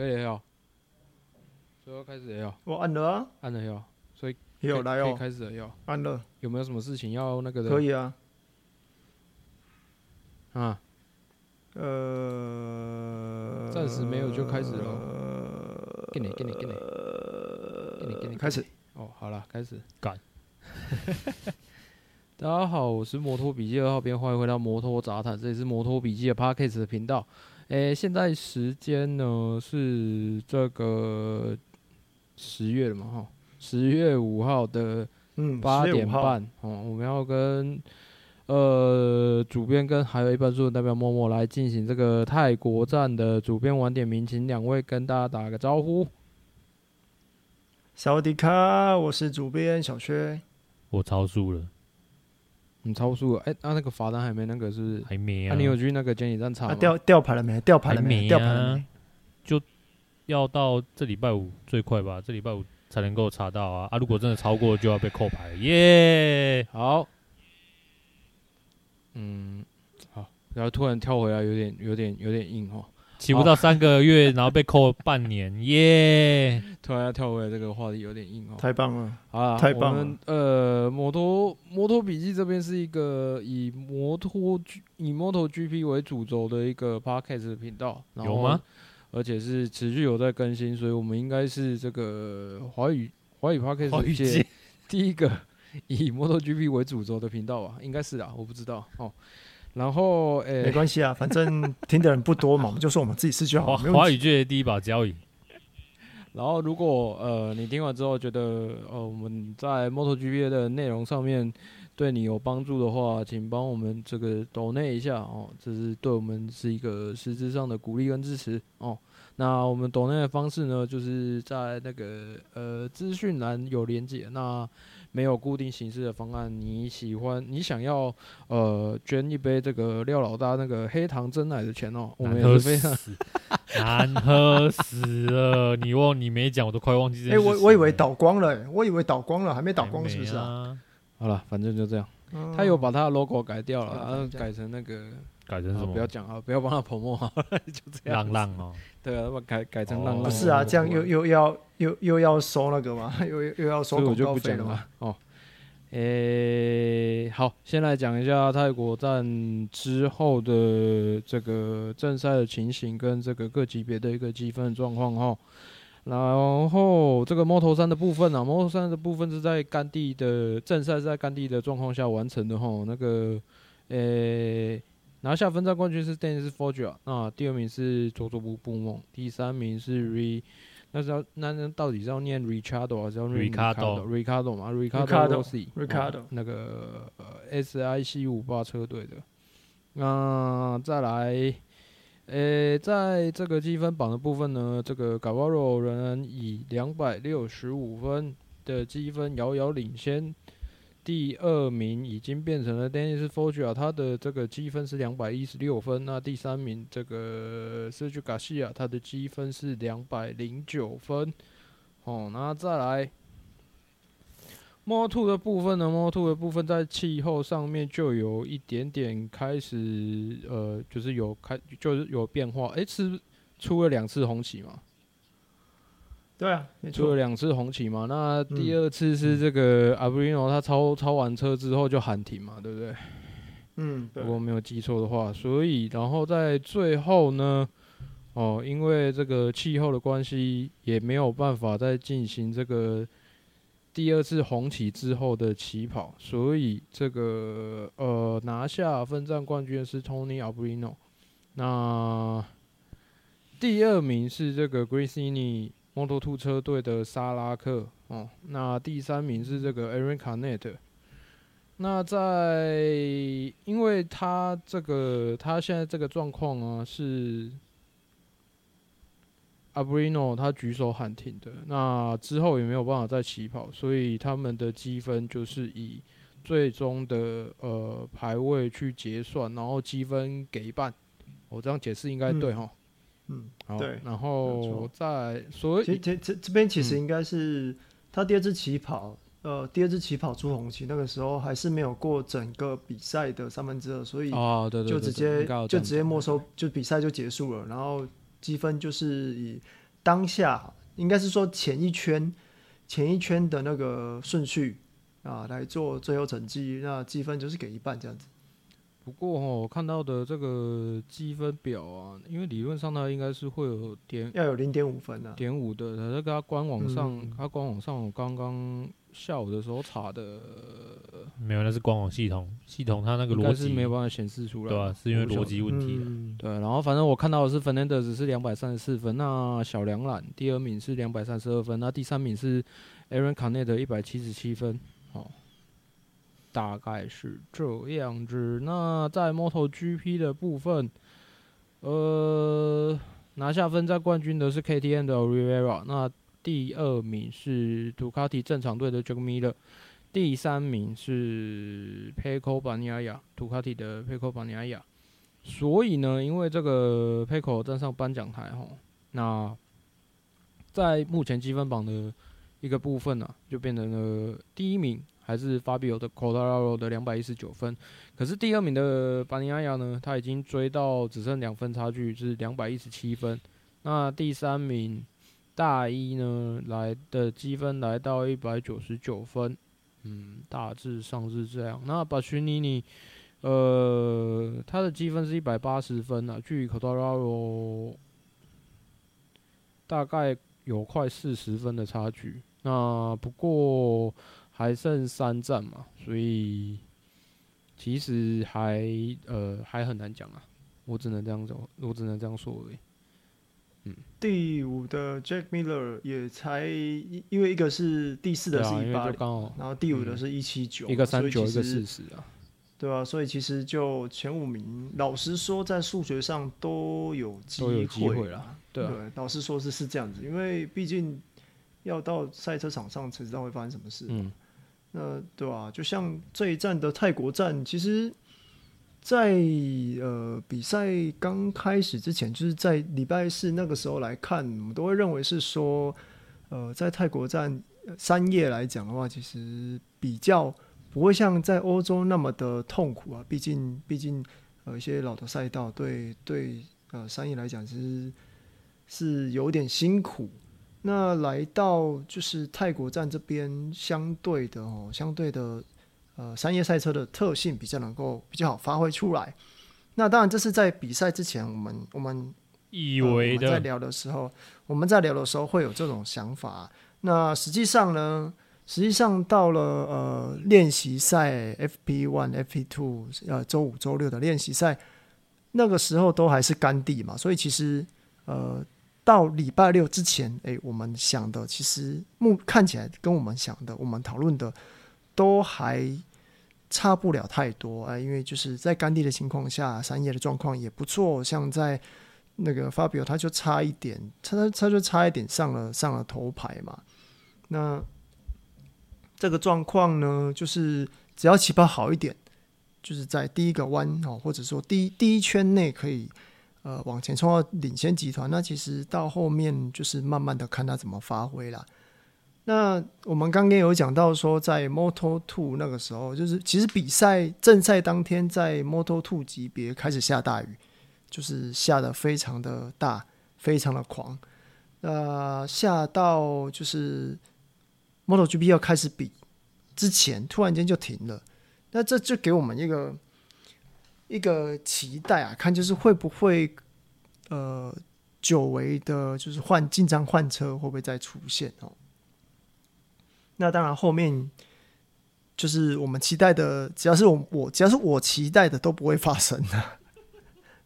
可以哦，最後開始哦。我按了啊，按了喲。所以有來哦，可以開始了喲、哦。按了，有沒有什麼事情要那個的？可以啊。啊，呃，暫時沒有，就開始嘍。給你、呃，給你，給你，給你始，給你、哦，開始。哦幹，好了，開始。幹。大家好，我是摩托筆記二號編，歡迎回到摩托雜談，這裡是摩托筆記的 Podcast 的頻道。誒，現在時間呢是這個十月了嘛？哈，十月五號的八點半，嗯、哦，我們要跟呃主編跟還有一般數的代表默默來進行這個泰國站的主編晚點名，請兩位跟大家打個招呼。薩瓦迪卡，我是主編小薛，我超速了。你超速了哎，那、欸啊、那個罰單還沒，那個是，是還沒啊？啊你有去那個監理站查，吊吊、啊、牌了沒？吊牌了沒？吊、啊、牌了沒？就要到這禮拜五最快吧，這禮拜五才能夠查到啊！啊，如果真的超過，就要被扣牌了耶！Yeah! 好，嗯，好，然後突然跳回來，有點有點有點，有點硬哈、哦。騎不到三個月，然後被扣半年，耶！突然要跳回來這個話題有點硬哦。太棒了啊！好啦 太棒了。我們呃，摩托摩托筆記這邊是一個以摩托、G、以摩托 GP 為主軸的一個 Podcast 頻道。有嗎？而且是持續有在更新，所以我們應該是這個華語華語 Podcast 語界第一個以摩托 GP 為主軸的頻道吧？應該是啊，我不知道 哦。然後，誒、欸，沒關係啊，反正聽的人不多嘛。 我們就說我們自己試就好了，沒有華語界第一把交椅。然後，如果，呃，你聽完之後覺得，呃，我們在摩托 GP 的內容上面對你有幫助的話，請幫我們這個 Donate 一下哦，這是對我們是一個實質上的鼓勵跟支持哦。那我們 Donate 的方式呢，就是在那個，呃，資訊欄有連接那。沒有固定形式的方案，你喜歡，你想要，呃，捐一杯這個廖老大那個黑糖珍奶的錢哦、喔，我們非常難喝死了， 你忘你沒講，我都快忘記。哎、欸，我我以為倒光了、欸，我以為倒光了，還沒倒光是不是啊？啊好了，反正就這樣。嗯、他有把他的 logo 改掉了，嗯、改成那個。改成不要講啊！不要幫、啊、他潑墨啊！就這樣。浪浪哦，對啊，那麼改改成浪浪。哦、不是啊，我這樣又又要又又要收那個嘛，又又，又要收。所以我就不講了嘛。哦，誒、欸，好，先來講一下泰國站之後的這個正賽的情形跟這個各級別的一個積分狀況哈。然後這個 Moto3 的部分啊，Moto3 的部分是在乾地的正賽是在乾地的狀況下完成的哈、哦。那個，誒、欸。拿下分站冠、冠軍是 Dennis Foggia，那第二名是佐佐木步夢，第三名是 r i 那是要，那那到底是要念 Richardo 還是要 Ricardo？Ricardo 嘛，Ricardo Rossi，Ricardo 那個 SIC 五八車隊的。那再來，誒、欸，在這個積分榜的部分呢，這個 Gavaro 仍然以兩百六十五分的積分遙遙領先。第二名已經變成了 Dennis Foggia 他的這個積分是兩百一十六分。那第三名這個 Sergio Garcia 他的積分是兩百零九分。哦，那再來，Moto2 的部分呢？Moto2 的部分在氣候上面就有一點點開始，呃，就是有開，就是有變化。哎、欸，是出了兩次紅旗嗎？對啊，出了兩次紅旗嘛。沒錯。那第二次是這個 Arbolino，他超超完車之後就喊停嘛，對不對？嗯，對。如果沒有記錯的話。所以，然後在最後呢，哦，因為這個氣候的關係，也沒有辦法再進行這個第二次紅旗之後的起跑，所以這個呃，拿下分站冠軍的是 Tony Arbolino，那第二名是這個 Grezzini。摩托兔車隊的沙拉克哦，那第三名是這個艾瑞卡內特。那在，因為他這個他現在這個狀況啊，是 Abrino 他舉手喊停的，那之後也沒有辦法再起跑，所以他們的積分就是以最終的呃排位去結算，然後積分給一半。我、哦、這樣解釋應該對哈。嗯嗯，好對，然後錯在，所以。這這這邊其實應該是他第二次起跑，嗯、呃，第二次起跑出紅旗，那個時候還是沒有過整個比賽的三分之二，所以對，就直接就直接沒收，就比賽就結束了，然後積分就是以當下應該是說前一圈前一圈的那個順序啊來做最後成績，那積分就是給一半這樣子。不過我看到的這個積分表啊，因為理論上它應該是會有點，要有零點五分的、啊，點五的。它、那個它官網上，它、嗯、哼官網上我剛剛下午的時候查的，沒有、嗯哼，那是官網系統，系統它那個邏輯沒有辦法顯示出來，出來對、啊，是因為邏輯問題。嗯、對，然後反正我看到的是 Fernandez 是兩百三十四分，那小椋藍第二名是兩百三十二分，那第三名是 Aron Canet 一百七十七分。大概是這樣子。那在 MotoGP 的部分，呃，拿下分站冠軍的是 KTM 的 Oliveira，那第二名是杜卡迪正常隊的 Jack Miller，第三名是 Pecco 本尼亞亞，杜卡迪的 Pecco 本尼亞亞。所以呢，因為這個 Pecco 站上頒獎台哈，那在目前積分榜的一個部分呢、啊，就變成了第一名。還是 Fabio 的 Quartararo 的兩百一十九分，可是第二名的巴尼亞亞呢，他已經追到只剩兩分差距，是兩百一十七分。那第三名大一呢來的積分來到一百九十九分，嗯，大致上是這樣。那把群妮妮，呃，他的積分是一百八十分啊，距離 Quartararo 大概有快四十分的差距。那不過。還剩三站嘛，所以其實還呃還很難講啊，我只能這樣走，我只能這樣說而已。嗯，第五的 Jack Miller 也才因為一個是第四的是一八、啊、然後第五的是一七九，一個三九一個四十啊，對啊，所以其實就前五名，老實說，在數學上都有機會啦，了。對，啊、對，老實說是是這樣子，因為畢竟要到賽車場上才知道會發生什麼事，嗯。那對吧？就像這一站的泰國站，其實在，在呃比賽剛開始之前，就是在禮拜四那個時候來看，我們都會認為是說，呃，在泰國站、呃、三葉來講的話，其實比較不會像在歐洲那麼的痛苦啊。畢竟，畢竟呃一些老的賽道對，對對，呃，三葉來講，其實是，是有點辛苦。那來到就是泰國站這邊，相對的哦，相對的呃，山葉賽車的特性比較能夠比較好發揮出來。那當然這是在比賽之前，我們我們以為、呃、在聊的時候，我們在聊的時候會有這種想法。那實際上呢，實際上到了呃練習賽 FP One、FP Two 呃週五週六的練習賽，那個時候都還是乾地嘛，所以其實呃。到禮拜六之前，哎，我們想的其實目看起來跟我們想的，我們討論的都還差不了太多啊。因為就是在乾地的情況下，山葉的狀況也不錯。像在那個 Fabio，他就差一點，差差他就差一點上了上了頭排嘛。那這個狀況呢，就是只要起跑好一點，就是在第一個彎哦，或者說第一第一圈內可以。呃，往前衝到領先集團，那其實到後面就是慢慢的看他怎麼發揮了。那我們剛剛有講到說，在 Moto2 那個時候，就是其實比賽正賽當天，在 Moto2 級別開始下大雨，就是下得非常的大，非常的狂，呃，下到就是 MotoGP 要開始比之前，突然間就停了，那這就給我們一個。一個期待啊，看就是會不會呃久違的，就是換進站換車會不會再出現哦？那當然，後面就是我們期待的，只要是我我，只要是我期待的都不會發生的啊。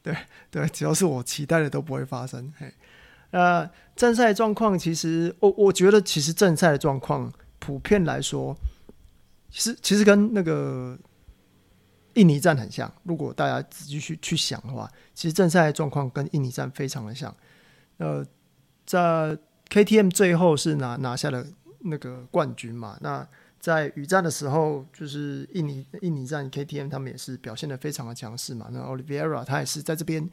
對對，只要是我期待的都不會發生。嘿，呃，正賽狀況其實，我我覺得其實正賽的狀況普遍來說，其實其實跟那個。印尼站很像，如果大家仔細去去想的話，其實正賽的狀況跟印尼站非常的像。呃，在 KTM 最後是拿拿下了那個冠軍嘛。那在雨戰的時候，就是印尼印尼站 KTM 他們也是表現得非常的強勢嘛。那 Oliveira 他也是在這邊，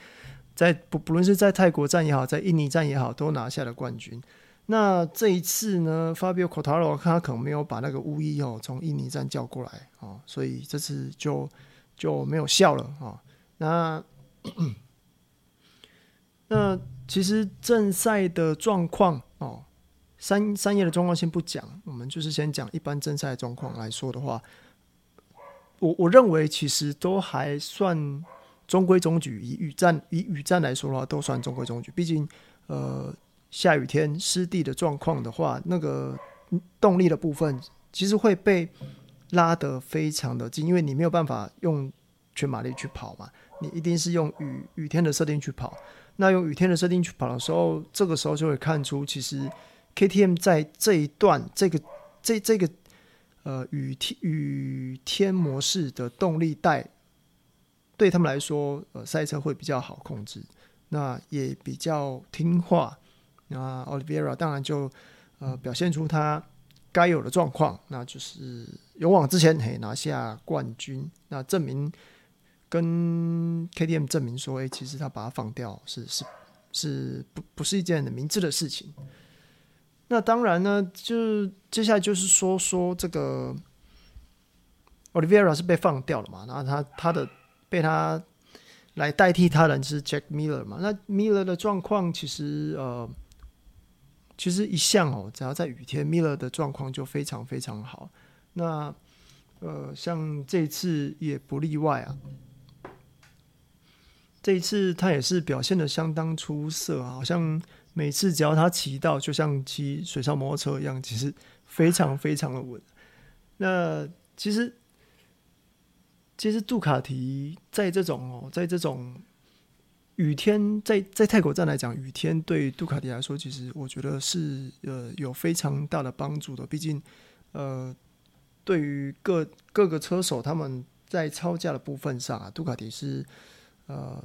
在不不論是在泰國站也好，在印尼站也好，都拿下了冠軍。那這一次呢，Fabio Quartararo 他可能沒有把那個巫醫哦從印尼站叫過來啊、喔，所以這次就。就沒有效了啊、哦。那 那其實正賽的狀況哦，三三葉的狀況先不講，我們就是先講一般正賽的狀況來說的話，我我認為其實都還算中規中矩。以雨戰以雨戰來說的話，都算中規中矩。畢竟呃，下雨天濕地的狀況的話，那個動力的部分其實會被。拉得非常的近，因為你沒有辦法用全馬力去跑嘛，你一定是用雨雨天的設定去跑。那用雨天的設定去跑的時候，這個時候就會看出，其實 KTM 在這一段這個這這個呃雨天雨天模式的動力帶，對他們來說，呃賽車會比較好控制，那也比較聽話。那 Olivera 當然就呃表現出他該有的狀況，那就是，勇往直前，嘿，拿下冠軍，那證明跟 KTM 證明說，誒、欸，其實他把他放掉是是是不不是一件很明智的事情。那當然呢，就接下來就是說說這個 Oliveira 是被放掉了嘛？然後他他的被他來代替他人是 Jack Miller 嘛？那 Miller 的狀況其實呃，其實一向哦，只要在雨天，Miller 的狀況就非常非常好。那，呃，像這次也不例外啊。這一次他也是表現得相當出色啊，好像每次只要他騎到，就像騎水上摩托車一樣，其實非常非常的穩。那其實，其實杜卡迪在這種哦，在這種雨天，在在泰國站來講，雨天對杜卡迪來說，其實我覺得是呃有非常大的幫助的，畢竟呃。對於各各個車手他們在操駕的部分上啊，杜卡迪是呃，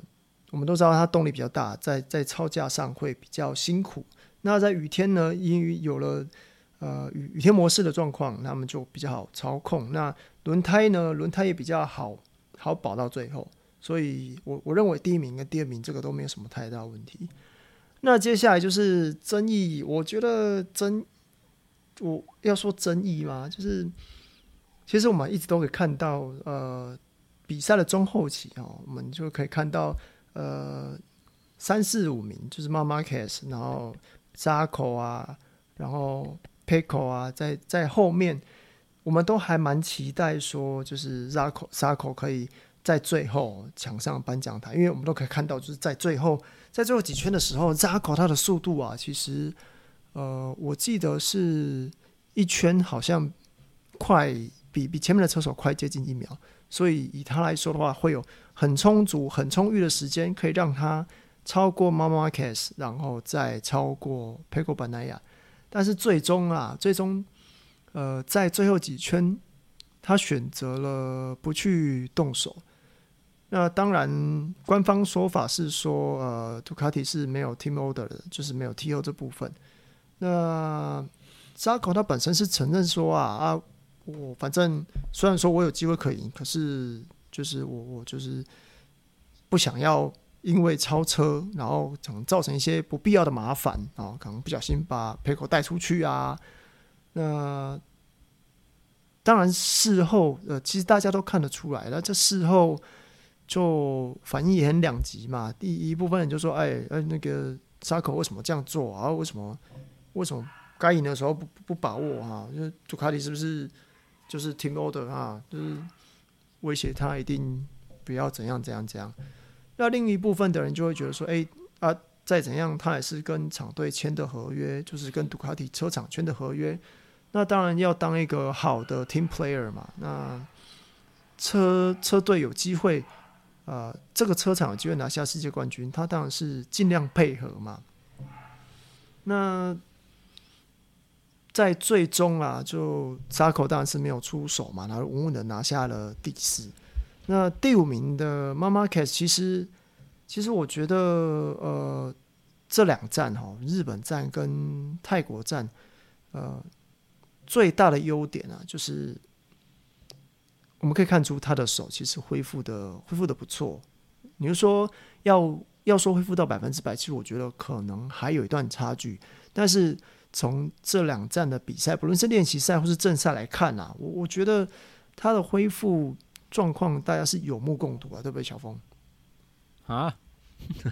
我們都知道它動力比較大，在在操駕上會比較辛苦。那在雨天呢，因為有了呃雨雨天模式的狀況，那麼就比較好操控。那輪胎呢，輪胎也比較好好保到最後。所以我我認為第一名跟第二名這個都沒有什麼太大問題。那接下來就是爭議，我覺得爭我要說爭議嗎，就是。其實我們一直都可以看到，呃，比賽的中後期啊，哦，我們就可以看到，呃，三四五名就是 Marquez，然後 Zarco 啊，然後 Pecco 啊，在在後面，我們都還蠻期待說，就是 Zarco，Zarco 可以在最後搶上頒獎台，因為我們都可以看到，就是在最後，在最後幾圈的時候，Zarco 他的速度啊，其實，呃，我記得是一圈好像快。比比前面的車手快接近一秒，所以以他來說的話，會有很充足、很充裕的時間，可以讓他超過 Mama Cas，然後再超過 Pecco Bagnaia，但是最終啊，最終，呃，在最後幾圈，他選擇了不去動手。那當然，官方說法是說，呃，Ducati 是沒有 team order 的，就是沒有 T O 這部分。那扎科他本身是承認說啊啊。我反正雖然說我有機會可以贏，可是就是我我就是不想要因為超車，然後可能造成一些不必要的麻煩啊，然後可能不小心把 Pecco 帶出去啊。那、呃、當然事後呃，其實大家都看得出來了，這事後就反應也很兩極嘛。第一部分就說：“哎哎，那個沙口為什麼這樣做啊？為什麼為什麼該贏的時候不不把握啊？”就杜卡迪是不是？就是 team order 啊，就是威脅他一定不要怎樣怎樣怎樣。那另一部分的人就會覺得說，哎、欸、啊，再怎樣他也是跟廠隊簽的合約，就是跟杜卡迪車廠簽的合約。那當然要當一個好的 team player 嘛。那車車隊有機會，啊、呃，這個車廠有機會拿下世界冠軍，他當然是儘量配合嘛。那。在最終啊，就扎克當然是沒有出手嘛，然後穩穩的拿下了第四。那第五名的馬奎斯其實其實我覺得，呃，這兩站哈、哦，日本站跟泰國站，呃，最大的優點啊，就是我們可以看出他的手其實恢復的恢復的不錯。你就說要要說恢復到百分之百，其實我覺得可能還有一段差距，但是。從這兩站的比賽，不論是練習賽或是正賽來看啊，我我覺得他的恢復狀況大家是有目共睹啊，對不對，小峰？啊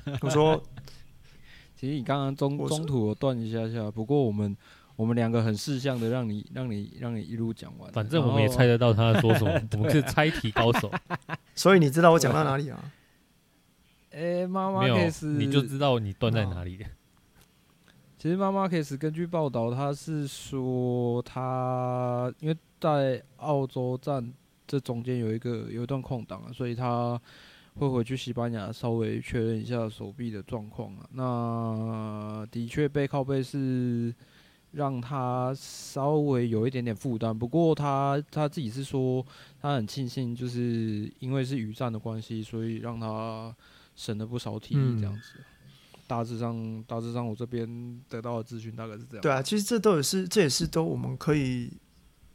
蛤，我說，其實你剛剛中中途有斷一下下，不過我們我們兩個很識相的讓你讓你讓你一路講完，反正我們也猜得到他在說什麼， 我們是猜題高手，所以你知道我講到哪裡啊？哎、欸，媽媽你就知道你斷在哪裡。哦其實媽媽開始 s 根據報道他是說他因為在澳洲站這中間有一個有一段空檔啊，所以他會回去西班牙稍微確認一下手臂的狀況啊。那的確背靠背是讓他稍微有一點點負擔，不過他他自己是說他很慶幸，就是因為是雨戰的關係，所以讓他省了不少體力這樣子。嗯大致上，大致上，我這邊得到的資訊大概是這樣。對啊，其實這都也是，這也是都我們可以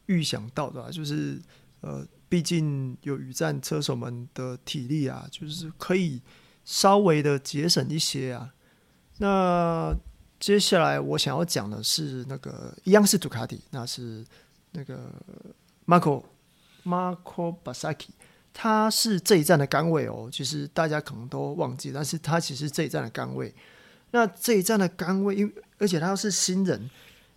預想到的啊，就是呃，畢竟有雨戰車手們的體力啊，就是可以稍微的節省一些啊。那接下來我想要講的是那個一樣是杜卡迪，那是那個 Marco, Marco Basaki。他是這一站的桿位哦，其實大家可能都忘記，但是他其實是這一站的桿位。那這一站的桿位，因而且他是新人，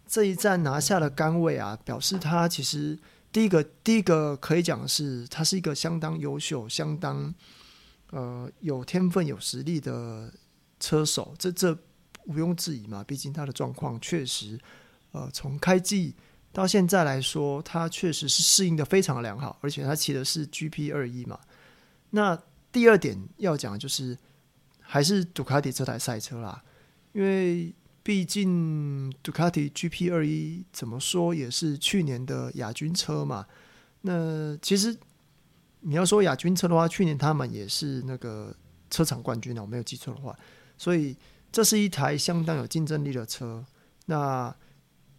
這一站拿下了桿位啊，表示他其實第一個第一個可以講的是，他是一個相當優秀、相當呃有天分、有實力的車手。這這毋庸置疑嘛，畢竟他的狀況確實呃從開季。到現在來說，它確實是適應得非常的良好，而且它騎的是 GP 二一嘛。那第二點要講就是，還是杜卡迪這台賽車啦，因為畢竟杜卡迪 GP 二一怎麼說也是去年的亞軍車嘛。那其實你要說亞軍車的話，去年他們也是那個車廠冠軍呢、喔，我沒有記錯的話。所以這是一台相當有競爭力的車。那。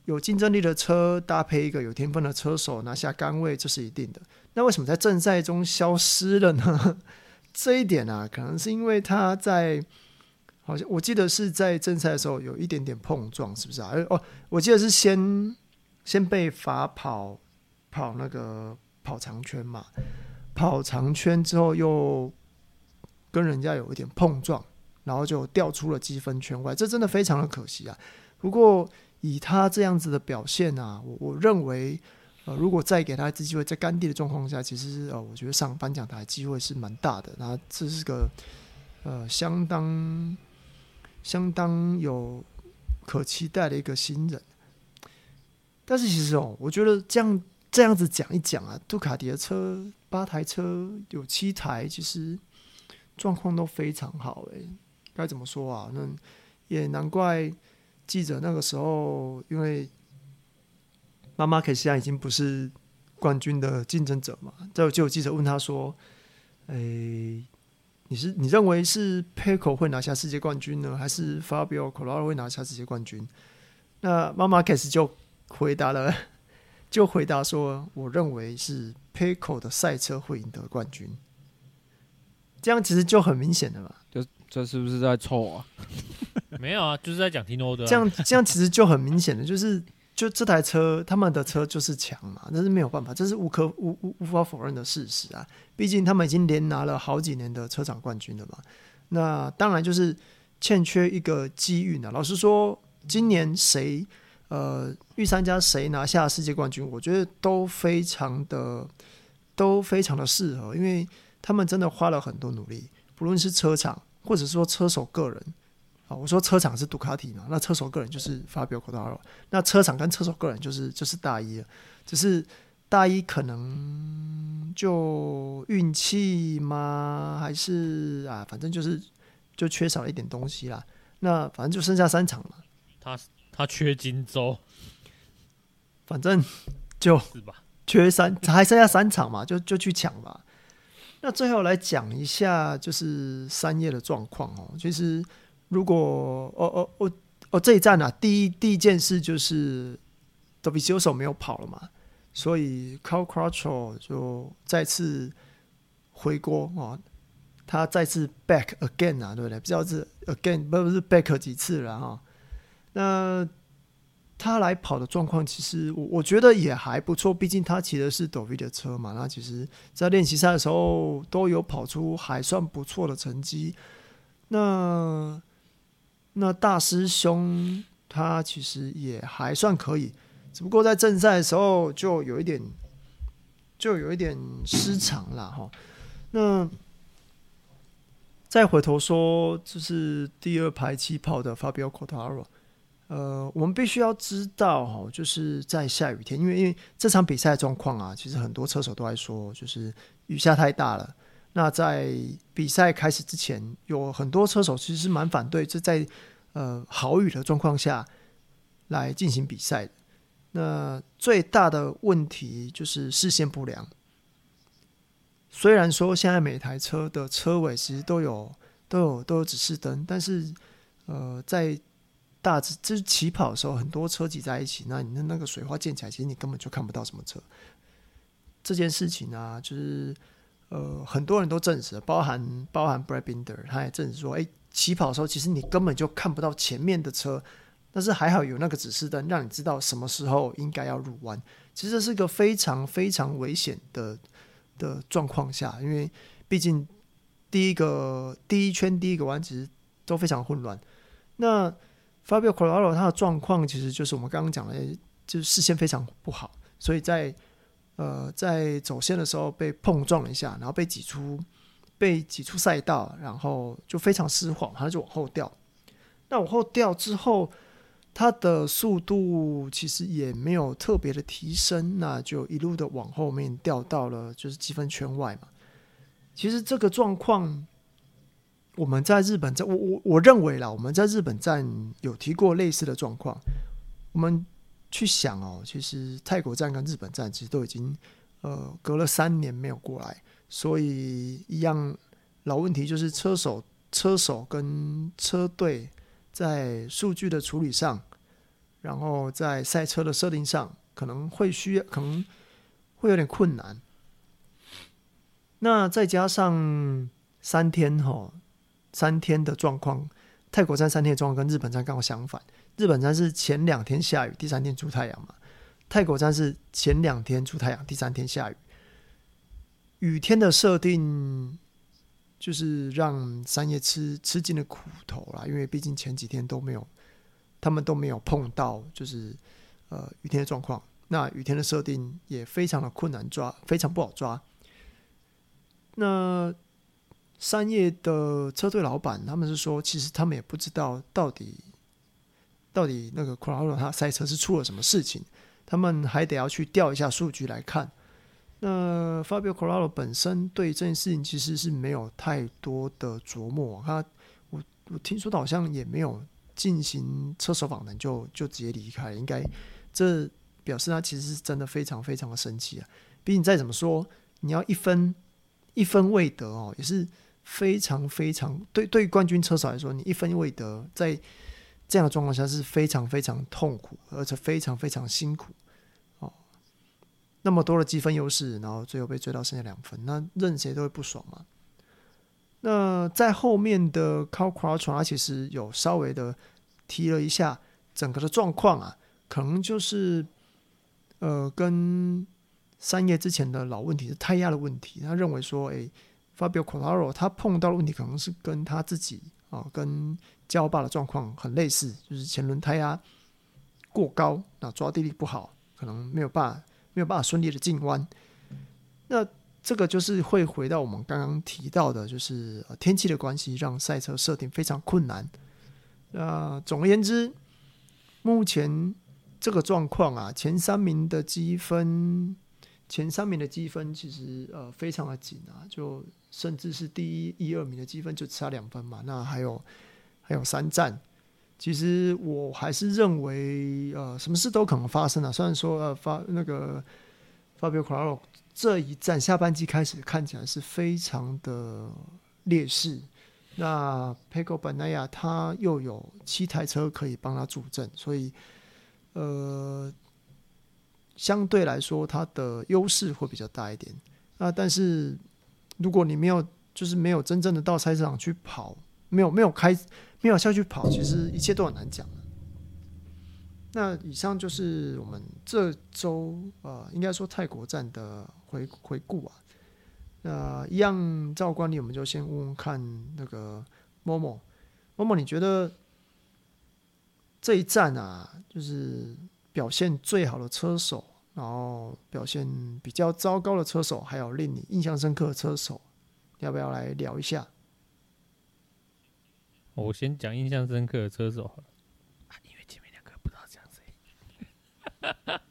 有競爭力的車搭配一個有天分的車手拿下桿位，這是一定的。那為什麼在正賽中消失了呢？這一點啊，可能是因為他在好像我記得是在正賽的時候有一點點碰撞，是不是啊？哦，我記得是先先被罰跑跑那個跑長圈嘛，跑長圈之後又跟人家有一點碰撞，然後就掉出了積分圈外。這真的非常的可惜啊！不過。以他這樣子的表現啊，我我認為，呃，如果再給他一次機會，在乾地的狀況下，其實呃，我覺得上頒獎台的機會是蠻大的。那這是個呃，相當相當有可期待的一個新人。但是其實哦，我覺得這樣這樣子講一講啊，杜卡迪的車八台車有七台，其實狀況都非常好。誒，該怎麼說啊？那也難怪。記者那個時候，因為馬奎斯現在已經不是冠軍的競爭者嘛，就就有記者問他說：“哎，你是你認為是 Pecco 會拿下世界冠軍呢，還是 Fabio Quartararo 會拿下世界冠軍？”那馬奎斯就回答了，就回答說：“我認為是 Pecco 的賽車會贏得冠軍。”這樣其實就很明顯的嘛。這是不是在錯啊？沒有啊，就是在講提諾的。這樣這樣其實就很明顯的，就是就這台車，他們的車就是強嘛，但是沒有辦法，這是無可無無無法否認的事實啊。畢竟他們已經連拿了好幾年的車廠冠軍了嘛。那當然就是欠缺一個機遇呢。老實說，今年誰呃，預三家誰拿下世界冠軍，我覺得都非常的都非常的適合，因為他們真的花了很多努力，不論是車廠。或者說車手個人，啊、哦，我說車廠是杜卡迪嘛，那車手個人就是 Fabio Quartararo，那車廠跟車手個人就是就是大一了，只是大一可能就運氣嘛，還是啊，反正就是就缺少了一點東西啦。那反正就剩下三場了。他他缺金州，反正就，缺三還剩下三場嘛，就就去搶吧。那最後來講一下，就是三葉的狀況哦。就是如果哦哦哦哦這一站啊，第一第一件事就是多比選手沒有跑了嘛，所以 Cal Crutchlow 就再次回鍋哦。他再次 back again 啊，對不對？不知道是 again 不不是 back 幾次了哈、啊。那他來跑的狀況，其實我我覺得也還不錯，畢竟他騎的是 Dovi 的車嘛。那其實，在練習賽的時候都有跑出還算不錯的成績。那那大師兄他其實也還算可以，只不過在正賽的時候就有一點就有一點失常了哈。那再回頭說，就是第二排起跑的 Fabio Quartararo。呃，我們必須要知道齁，就是在下雨天，因為因為這場比賽狀況啊，其實很多車手都在說，就是雨下太大了。那在比賽開始之前，有很多車手其實蠻反對在呃豪雨的狀況下來進行比賽。那最大的問題就是視線不良。雖然說現在每台車的車尾其實都有都有都有指示燈，但是呃在。大致，就是起跑的時候，很多車擠在一起，那你的那個水花濺起來，其實你根本就看不到什麼車。這件事情啊，就是呃，很多人都證實，包含包含 Brad Binder，他也證實說，哎、欸，起跑的時候其實你根本就看不到前面的車，但是還好有那個指示燈讓你知道什麼時候應該要入彎。其實這是個非常非常危險的的狀況下，因為畢竟第一個第一圈第一個彎其實都非常混亂，那。Fabio Quartararo 他的狀況其實就是我們剛剛講的，就是視線非常不好，所以在呃在走線的時候被碰撞了一下，然後被擠出被擠出賽道，然後就非常濕滑，他就往後掉。那往後掉之後，他的速度其實也沒有特別的提升，那就一路的往後面掉到了就是積分圈外嘛。其實這個狀況。我們在日本站，我我我認為啦，我們在日本站有提過類似的狀況。我們去想哦，其實泰國站跟日本站其實都已經呃隔了三年沒有過來，所以一樣老問題就是車手、車手跟車隊在數據的處理上，然後在賽車的設定上可能會需要，可能會有點困難。那再加上三天哈。三天的狀況，泰國站三天的狀況跟日本站剛好相反。日本站是前兩天下雨，第三天出太陽嘛。泰國站是前兩天出太陽，第三天下雨。雨天的設定就是讓山葉吃吃盡了苦頭啦，因為畢竟前幾天都沒有，他們都沒有碰到，就是呃雨天的狀況。那雨天的設定也非常的困難抓，非常不好抓。那。山葉的車隊老闆，他們是說，其實他們也不知道到底，到底那個 Quartararo 他賽車是出了什麼事情，他們還得要去調一下數據來看。那 Fabio Quartararo 本身對這件事情其實是沒有太多的琢磨，他我我聽說的好像也沒有進行車手訪談，就就直接離開了。應該這表示他其實是真的非常非常的生氣啊！畢竟再怎麼說，你要一分一分未得哦，也是。非常非常對，對冠軍車手來說，你一分未得，在這樣的狀況下是非常非常痛苦，而且非常非常辛苦哦。那麼多的積分優勢，然後最後被追到剩下兩分，那任誰都會不爽嘛。那在後面的 Cal Crutchlow，他其實有稍微的提了一下整個的狀況啊，可能就是呃，跟山葉之前的老問題是胎壓的問題，他認為說，哎。Fabio Quartararo 他碰到的問題可能是跟他自己啊、呃，跟膠霸巴的狀況很類似，就是前輪胎壓、啊、過高，那抓地力不好，可能沒有辦法沒有辦法順利的進彎。那這個就是會回到我們剛剛提到的，就是、呃、天氣的關係，讓賽車設定非常困難。那、呃、總而言之，目前這個狀況啊，前三名的積分，前三名的積分其實呃非常的緊啊，就。甚至是第一一二名的積分就差兩分嘛，那還有還有三站，其實我還是認為呃，什麼事都可能發生啊，雖然說呃，發，那個 Fabio Quartararo 這一站下半季開始看起來是非常的劣勢，那 Pecco Bagnaia 他又有七台車可以幫他助陣，所以呃，相對來說他的優勢會比較大一點。那但是。如果你沒有，就是沒有真正的到菜市場去跑，沒有沒有開，沒有下去跑，其實一切都很難講。那以上就是我們這週啊、呃，應該說泰國站的回回顧啊。那、呃、一樣照慣例，我們就先問問看那個 Momo，Momo 你覺得這一站啊，就是表現最好的車手？然後表現比較糟糕的車手，還有令你印象深刻的車手，要不要來聊一下？哦、我先講印象深刻的車手好了、啊、因為前面兩個不知道這樣子。哈哈。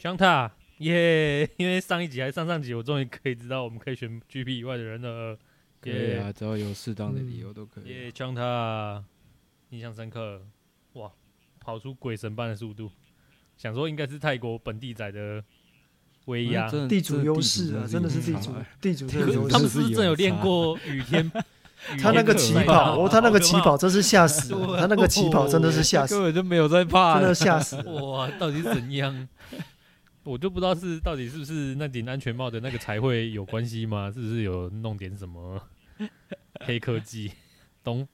Chantra，耶！因為上一集還是上上一集，我終於可以知道我們可以選 GP 以外的人了。對、yeah, 啊，只要有適當的理由都可以。耶 Chantra，印象深刻。哇，跑出鬼神般的速度。想說應該是泰國本地仔的威壓，嗯、地主優勢啊，真的是地主地主優他們是真的是有練過雨天，他那個起跑， 哦，他那個起跑真是嚇死了，哇哇他那個起跑真的是嚇死，哦、根本就沒有在怕，真的嚇死。哇，到底是怎樣？ 我就不知道是到底是不是那頂安全帽的那個才會有關係嗎？是不是有弄點什麼黑科技？懂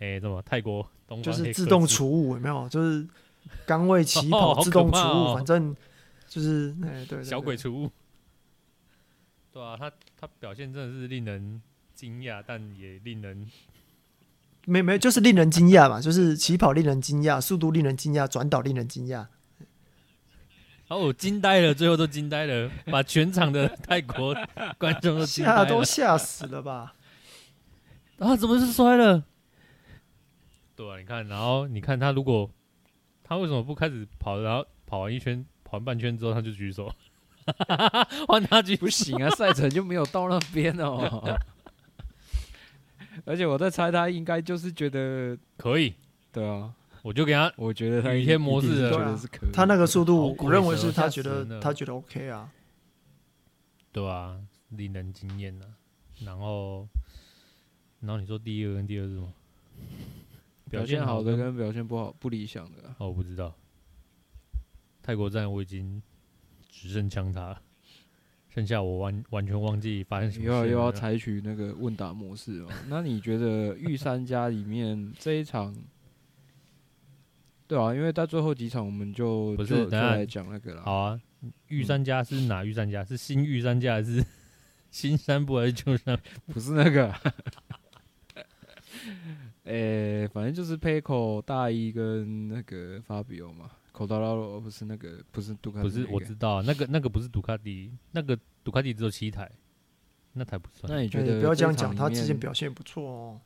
哎，怎、欸、麼泰國東就是自動除霧有沒有？就是。剛位起跑、oh, 自動出物，好哦、反正就是、 欸、對，對，對小鬼出物，對啊，他他表現真的是令人驚訝，但也令人沒沒有就是令人驚訝嘛， 就是起跑令人驚訝，速度令人驚訝，轉倒令人驚訝。哦，驚呆了，最後都驚呆了， 把全場的泰國觀眾都嚇都嚇死了吧？啊，怎麼是摔了？對啊，你看，然後你看他如果。他為什麼不開始跑？然後跑完一圈，跑完半圈之後，他就舉手。換 他舉不行啊，賽 程就沒有到那邊哦。 而且我在猜，他應該就是覺得可以。對啊，我就給他，我覺得他雨天模式的他,、啊、他那個速度，啊、我認為是他覺得、哦、他,他覺得 OK 啊。對啊，令人驚豔啊。然後，然後你說第一個跟第二個是什麼？表現好的跟表現不好、不理想的、啊、哦，我不知道。泰國站我已經只剩槍塔了，剩下我完完全忘記發生什麼事、嗯。又要又要採取那個問答模式哦？ 那你覺得御三家裡面這一場？ 對啊，因為到最後幾場我們就不是再來講那個了。好啊，御三家是哪御三家？嗯、是新御三家還是新三部？還是舊三？不是那個、啊。 誒、欸，反正就是配口大一跟那個法比奧嘛，口達拉羅不是那個，不是杜卡、那個，迪，不是我知道那個那個不是杜卡迪，那個杜卡迪只有七台，那台不算。那你覺得、欸、不要這樣講，他之前表現不錯哦。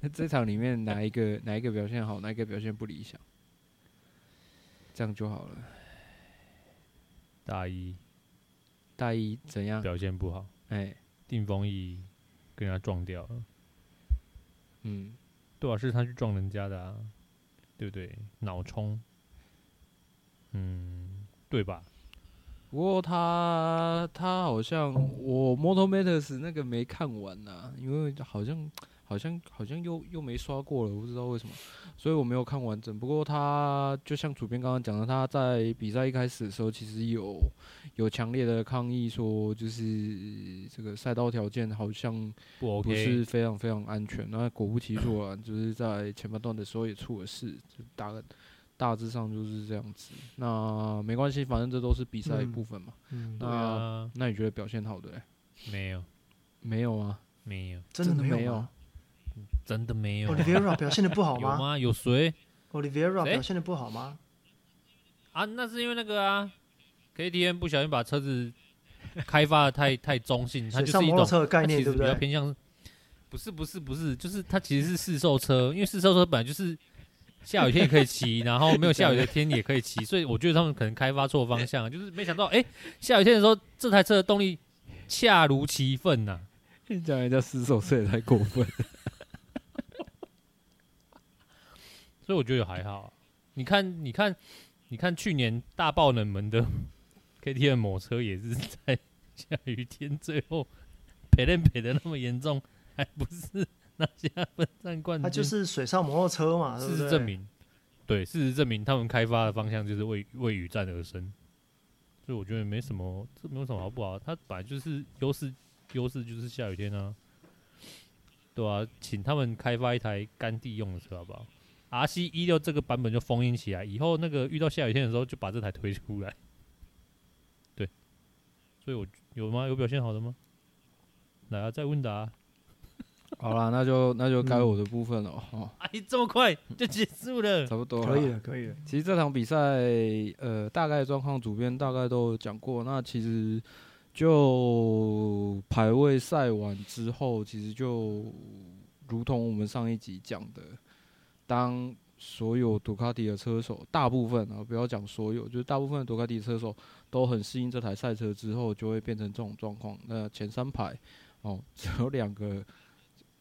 那 這場裡面哪一個、喔、哪一個表現好，哪一個表現不理想？這樣就好了。大一，大一怎樣？表現不好。誒、欸，定風翼跟人家撞掉了。嗯對吧，杜老師他去撞人家的，啊，對不對？腦衝，嗯，對吧？不過，哦、他他好像我《MotoMatters》那個沒看完呢，啊，因為好像。好像好像又又沒刷過了，我不知道為什麼，所以我沒有看完整。不過他就像主編剛剛講的，他在比賽一開始的時候其實有有強烈的抗議說，說就是這個賽道條件好像不是非常非常安全。Okay、那果不其然，就是在前半段的時候也出了事。大概大致上就是這樣子。那沒關係，反正這都是比賽一部分嘛。嗯、那、啊、那你覺得表現好的咧？沒有，沒有啊，沒有，真的沒有。沒有。真的沒有、啊。Olivera 表現的不好嗎？有嗎？有誰 Olivera 表現的不好嗎？誰啊，那是因為那個啊 KTM 不小心把車子開發的太太中性，它，就是一種車的概念，比較對不對，對？偏向不是不是不是，就是它其實是試售車，因為試售車本來就是下雨天也可以騎， 然後沒有下雨的天也可以騎，的所以我覺得他們可能開發錯方向，就是沒想到，哎、欸，下雨天的時候，這台車的動力恰如其分吶、啊。你講人家試售車也太過分。所以我覺得也還好啊，你看，你看，你看，去年大爆冷門的 KTM 摩托車也是在下雨天，最後賠練賠的那麼嚴重，還不是那些分站冠軍。他就是水上摩托車嘛，事實證明，對，事實證明他們開發的方向就是為為雨戰而生，所以我覺得沒什麼，這沒有什麼好不好，他本來就是優勢，優勢就是下雨天啊，對啊，請他們開發一台乾地用的車好不好？RC16 這個版本就封印起來，以後那個遇到下雨天的時候，就把這台推出來。對，所以我有，有嗎？有表現好的嗎？來啊，再問答、啊。 好啦，那就那就該我的部分了。嗯、哦，哎，這麼快就結束了， 差不多可以了，可以了。其實這場比賽，呃，大概的狀況，主編大概都講過。那其實就排位賽完之後，其實就如同我們上一集講的。當所有杜卡迪的車手，大部分啊，不要講所有，就是大部分的杜卡迪車手都很適應這台賽車之後，就會變成這種狀況。那前三排哦，只有兩個。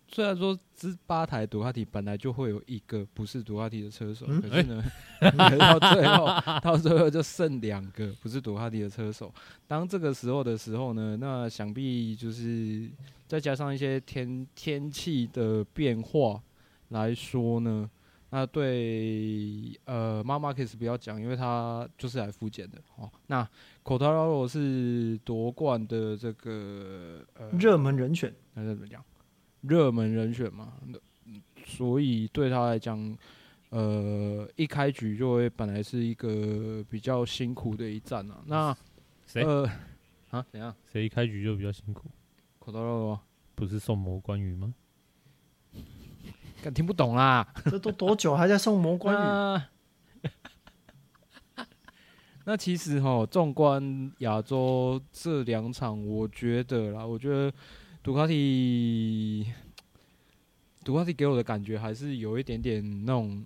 雖然說這八台杜卡迪本來就會有一個不是杜卡迪的車手，嗯、可是呢，欸、是到最後， 到最後就剩兩個不是杜卡迪的車手。當這個時候的時候呢，那想必就是再加上一些天天氣的變化來說呢。那對呃，媽媽可以是不要講，因為他就是來復檢的。哦，那科塔 r o 是奪冠的這個呃熱門人選，那、呃、怎麼講？熱門人選嘛、嗯，所以對他來講，呃，一開局就會本來是一個比較辛苦的一戰啊。那誰？啊誰、呃，怎樣？誰開局就比較辛苦？科塔 r o 不是送魔關羽嗎？聽不懂啦！這都多久還在送魔關羽 那？ 那其實哈，縱觀亞洲這兩場，我覺得啦，我覺得杜卡迪、杜卡迪給我的感覺還是有一點點那種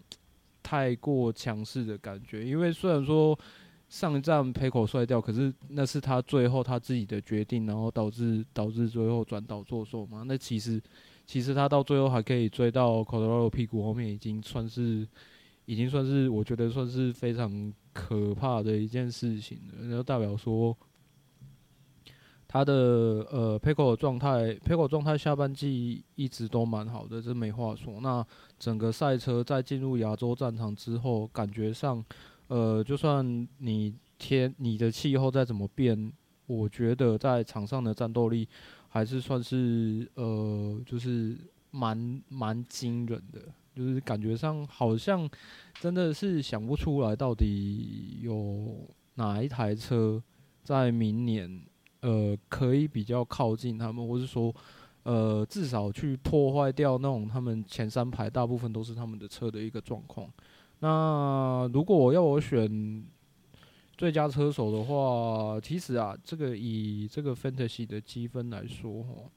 太過強勢的感覺。因為雖然說上一站 Pecco 摔掉，可是那是他最後他自己的決定，然後導致導致最後轉倒作壽嘛。那其實。其實他到最後還可以追到 Cotaro 屁股後面，已經算是，已經算是我覺得算是非常可怕的一件事情了。那就代表說，他的呃 Pico 的狀態，Pico 狀態下半季一直都蠻好的，這沒話說。那整個賽車在進入亞洲戰場之後，感覺上，呃，就算你天你的氣候再怎麼變，我覺得在場上的戰鬥力。還是算是呃，就是蠻蠻驚人的，就是感覺上好像真的是想不出來到底有哪一台車在明年呃可以比較靠近他們，或是說呃至少去破壞掉那種他們前三排大部分都是他們的車的一個狀況。那如果我要我選。最佳車手的話，其實啊，這個以這個 Fantasy 的積分來說，吼，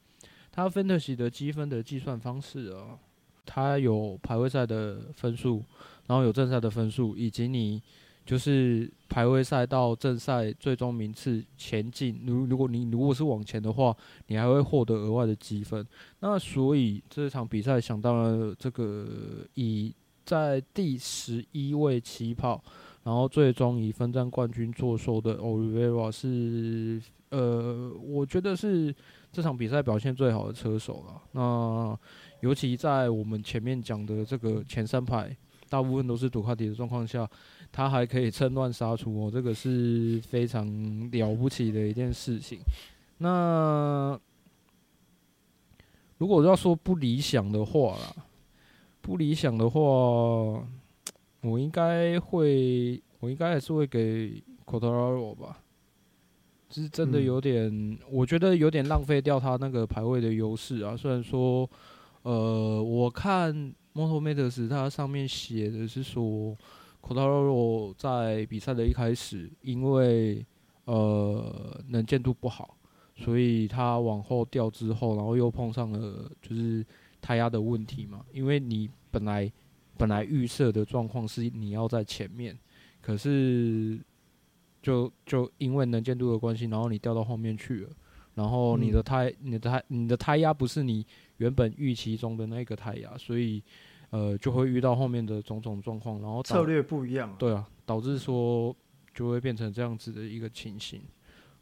他 Fantasy 的積分的計算方式啊，他有排位賽的分數，然後有正賽的分數，以及你就是排位賽到正賽最終名次前進，如如果你如果是往前的話，你還會獲得額外的積分。那所以這場比賽，想到了這個以在第十一位起跑。然後最終以分站冠軍作收的 Oliveira 是，呃，我覺得是這場比賽表現最好的車手了。那尤其在我們前面講的這個前三排，大部分都是杜卡迪的狀況下，他還可以趁亂殺出，哦，這個是非常了不起的一件事情。那如果要說不理想的話啦，不理想的話。我應該會，我應該還是會給 Quartararo 吧，就是真的有點，嗯、我覺得有點浪費掉他那個排位的優勢啊。雖然說，呃，我看 MotoMatters 它上面寫的是說 Quartararo 在比賽的一開始，因為呃能見度不好，所以他往後掉之後，然後又碰上了就是胎壓的問題嘛，因為你本來。本來預設的狀況是你要在前面，可是就就因為能見度的關係，然後你掉到後面去了，然後你的胎、嗯、你的胎、你的胎壓不是你原本預期中的那個胎壓，所以呃就會遇到後面的種種狀況，然後策略不一樣、啊，對啊，導致說就會變成這樣子的一個情形。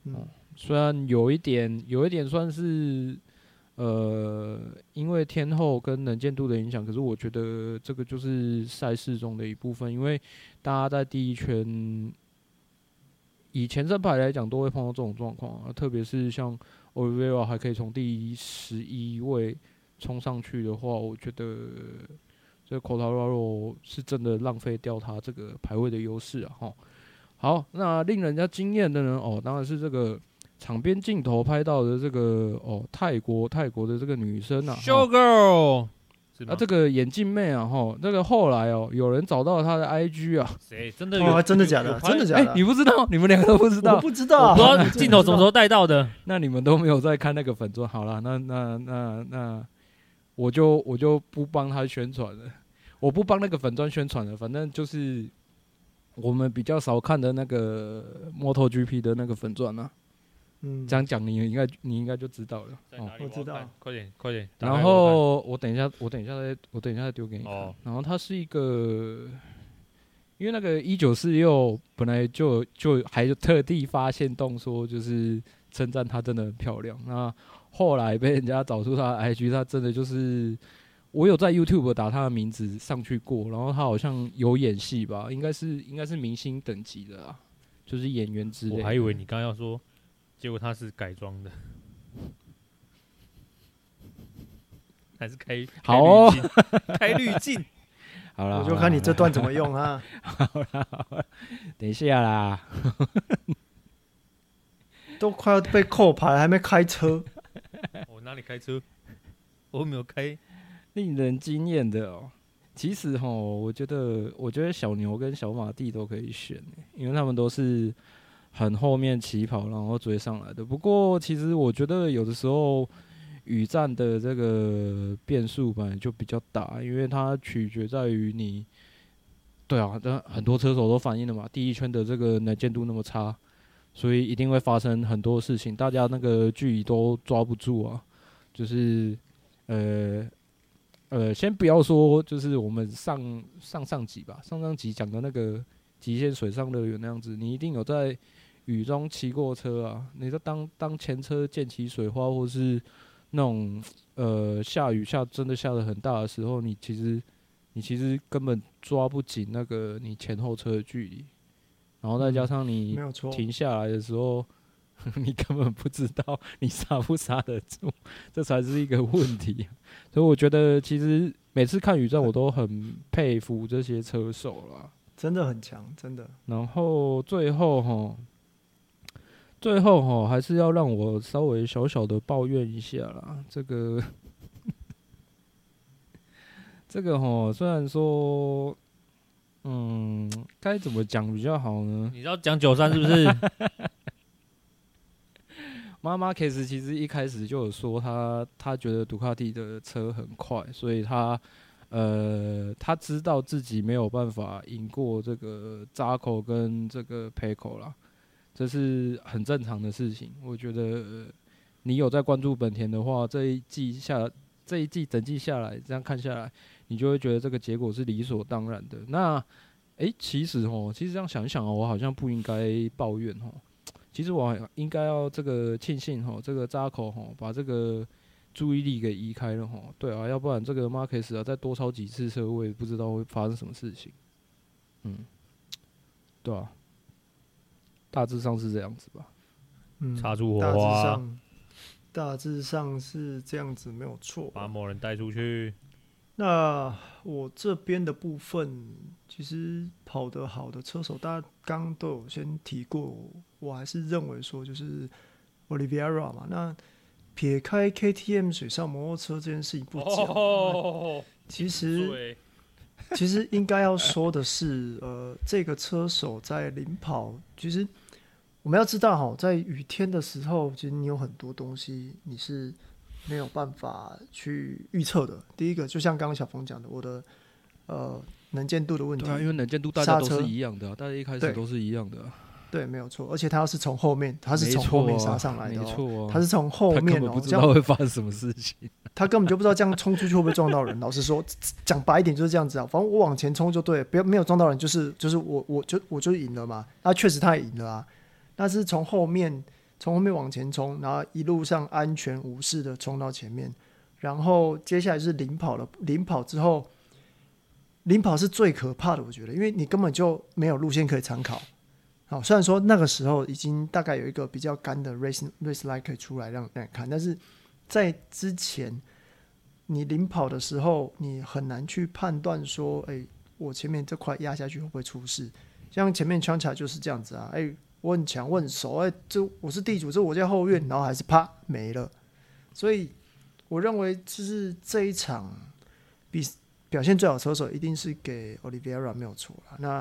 啊、嗯，雖然有一點，有一點算是。呃，因為天候跟能見度的影響，可是我覺得這個就是賽事中的一部分。因為大家在第一圈，以前這排來講，都會碰到這種狀況啊。特別是像 Oliveira，還可以從第十一位衝上去的話，我覺得這個 Quartararo 是真的浪費掉他這個排位的優勢啊！齁，好，那令人家驚豔的呢？哦，當然是這個。場邊鏡頭拍到的這個哦、喔，泰國泰國的這個女生啊，Show Girl，那、喔嗎啊、這個眼鏡妹啊，哈、喔，那個後來哦、喔，有人找到她的 IG 啊，誰真的有、喔？真的假的？真的假的？哎、欸，你不知道？你們兩個都不知道？我不知道，鏡啦頭什麼時候帶到的？那你們都沒有在看那個粉專？好了，那那那那，那，我就我就不幫她宣傳了，我不幫那個粉專宣傳了，反正就是我們比較少看的那個 MotoGP 的那個粉專啊。嗯，這樣講你應該你應該就知道了哦。我知道，快點快點。然後我等一下，我等一下再，我等一下再丟給你。哦。然後他是一個，因為那個一九四六本來就就還特地發現動說，就是稱讚她真的很漂亮。那後來被人家找出她 IG，她真的就是我有在 YouTube 打她的名字上去過，然後她好像有演戲吧，應該是應該是明星等級的啊，就是演員之類的。我還以為你剛剛要說。結果他是改裝的，還是開，開好、哦、開濾鏡？ 好了啦，我就看你這段怎麼用啊！好，啦好，啦好啦，等一下啦， 都快要被扣牌了，還沒開車。 我哪裡開車？我沒有開，令人驚豔的哦、喔。其實哦，我覺得，我覺得小牛跟小馬蒂都可以選、欸，因為他們都是。很後面起跑，然後追上來的。不過，其實我覺得有的時候雨戰的這個變數本來就比較大，因為它取決在於你。對啊，很多車手都反映了嘛，第一圈的這個能見度那麼差，所以一定會發生很多事情，大家那個距離都抓不住啊。就是呃呃，先不要說，就是我們上上上集吧，上上集講的那個極限水上樂園那樣子，你一定有在。雨中騎過車啊，你說當當前車濺起水花，或是那種呃下雨下真的下得很大的時候，你其實你其實根本抓不緊那個你前後車的距離，然後再加上你停下來的時候，嗯、 你根本不知道你剎不剎得住，這才是一個問題。 所以我覺得其實每次看雨戰，我都很佩服這些車手啦，真的很強，真的。然後最後吼。最後哈，還是要讓我稍微小小的抱怨一下啦。這個，呵呵，這個哈，雖然說，嗯，該怎麼講比較好呢？你知道講九三是不是？媽媽其實其實一開始就有說，他他覺得杜卡迪的車很快，所以他呃，他知道自己沒有辦法贏過這個扎口跟這個配口啦。這是很正常的事情，我覺得、呃、你有在關注本田的話，這一季下，這一季整季下來，這樣看下來，你就會覺得這個結果是理所當然的。那，誒、欸，其實哦，其實這樣想一想哦，我好像不應該抱怨哦，其實我應該要這個慶幸哦，這個扎口哦，把這個注意力給移開了哦，對啊，要不然這個馬奎斯啊，再多超幾次車位，我也不知道會發生什麼事情。嗯，對啊。大致上是這樣子吧，嗯，擦出火花大致上。大致上是這樣子，沒有錯、啊。把某人帶出去。那我這邊的部分，其實跑得好的車手，大家剛都有先提過，我還是認為說就是 Oliveira 嘛。那撇開 KTM 水上摩托車這件事情不講，oh、其實。 其實應該要說的是，呃，這個車手在領跑。其實我們要知道哈，在雨天的時候，其實你有很多東西你是沒有辦法去預測的。第一個，就像剛剛小峰講的，我的呃能見度的問題，啊、因為能見度大家都是一樣的、啊，大家一開始都是一樣的、啊。對，沒有錯。而且他是從後面，他是從後面殺上來的、哦，他是從後面、哦。他根本不知道會發生什麼事情。這樣 他根本就不知道這樣衝出去會不會撞到人。老實說，講白一點就是這樣子啊。反正我往前衝就對，不要沒有撞到人、就是，就是就是我我就我就贏了嘛。他、啊、確實他也贏了啊。但是從後面從後面往前衝，然後一路上安全無事的衝到前面，然後接下來是領跑了，領跑之後，領跑是最可怕的，我覺得，因為你根本就沒有路線可以參考。好，雖然說那個時候已經大概有一個比較乾的 race race line 可以出來讓大家看，但是在之前你領跑的時候，你很難去判斷說，哎、欸，我前面這塊壓下去會不會出事？像前面 Chantra 就是這樣子啊，哎、欸，我很強，我很熟，哎、欸，就我是地主，就我在後院，然後還是啪沒了。所以我認為，就是這一場比表現最好車手，一定是給 Oliveira 沒有錯啦，那，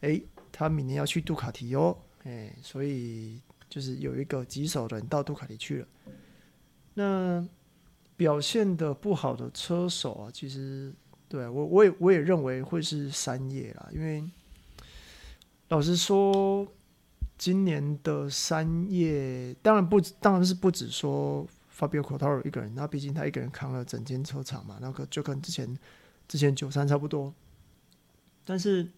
哎、欸。他明年要去杜卡迪哦，哎、欸，所以就是有一個棘手的人到杜卡迪去了。那表現得不好的車手啊，其實對，我我也我也認為會是三葉啦，因為老實說，今年的三葉當然不，當然是不只說 Fabio Quartararo 一個人，那畢竟他一個人扛了整間車廠嘛，那個就跟之前之前九三差不多，但是。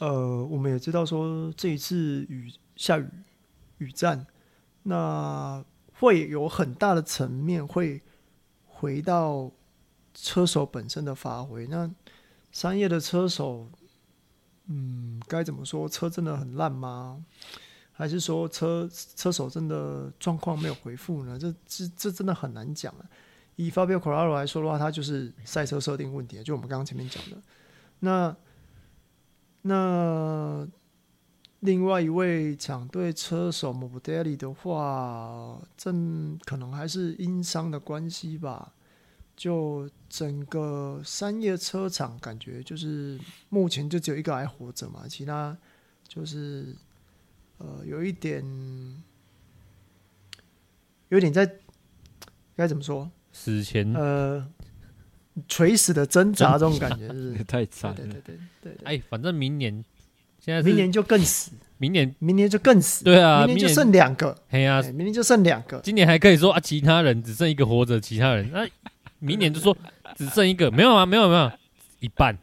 呃，我們也知道說這一次雨下雨雨戰，那會有很大的層面會回到車手本身的發揮。那山葉的車手，嗯，該怎麼說？車真的很爛嗎？還是說車車手真的狀況沒有恢復呢？這這這真的很難講啊。以 Fabio Quartararo 來說的話，他就是賽車設定問題，就我們剛剛前面講的那。那另外一位廠隊車手莫布戴利的話，正可能還是因傷的關係吧。就整個山葉車廠，感覺就是目前就只有一個還活着嘛，其他就是呃，有一點，有一點在該怎麼說，死前呃。垂死的掙扎，這種感覺是太慘了。對對對哎，反正明年現在是明年就更死，明年明年就更死。對啊，明年就剩兩個。哎呀，明年就剩兩個。今年還可以說啊，其他人只剩一個活着，其他人那明年就說只剩一個，沒有啊，沒有沒有，一半。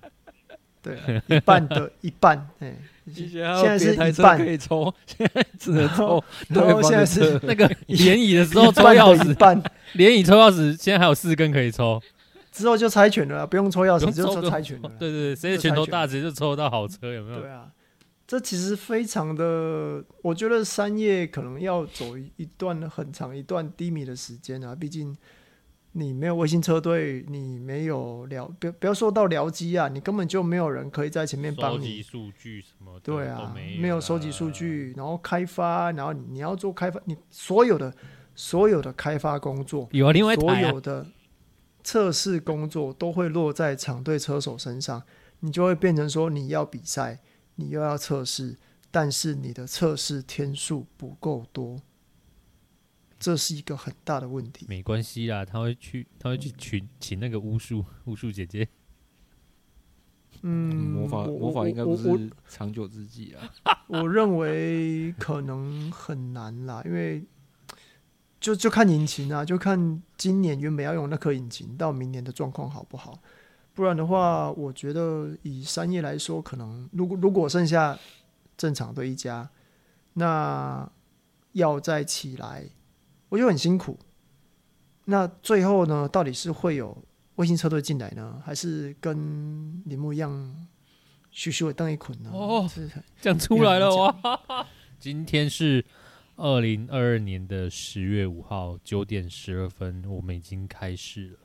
對，一半的一半。哎，現在是一半可以抽，現在只能抽。然後現在是那個連椅的時候抽鑰匙，連椅抽鑰匙，現在還有四根可以抽。之後就猜拳了，不用抽鑰匙，用就抽猜拳。對對，誰的拳頭大，誰就抽到好車，有沒有？對啊，這其實非常的，我覺得山葉可能要走一段很長一段低迷的時間啊。畢竟你沒有衛星車隊，你沒有聊，不要不要說到僚機啊，你根本就沒有人可以在前面幫你數據什麼？對啊，沒有收集數據，然後開發，然後你要做開發，你所有的所有的開發工作有啊，另外啊，所有的。測試工作都會落在廠隊車手身上，你就會變成說你要比賽，你又要測試，但是你的測試天數不夠多，這是一個很大的問題。沒關係啦，他會去，他會去請請那個巫術巫術姐姐。嗯，魔法魔法應該不是長久之計啊。我，我，我認為可能很難啦，因為。就就看引擎啊，就看今年原本要用那顆引擎到明年的狀況好不好。不然的話，我覺得以商業來說，可能如果如果剩下正常的一家，那要再起來，我就很辛苦。那最後呢，到底是會有衛星車隊進來呢，還是跟鈴木一樣噓噓的當一捆呢？哦，這樣是出來了哇！ 今天是。二零二二年的十月五號九點十二分，我們已經開始了。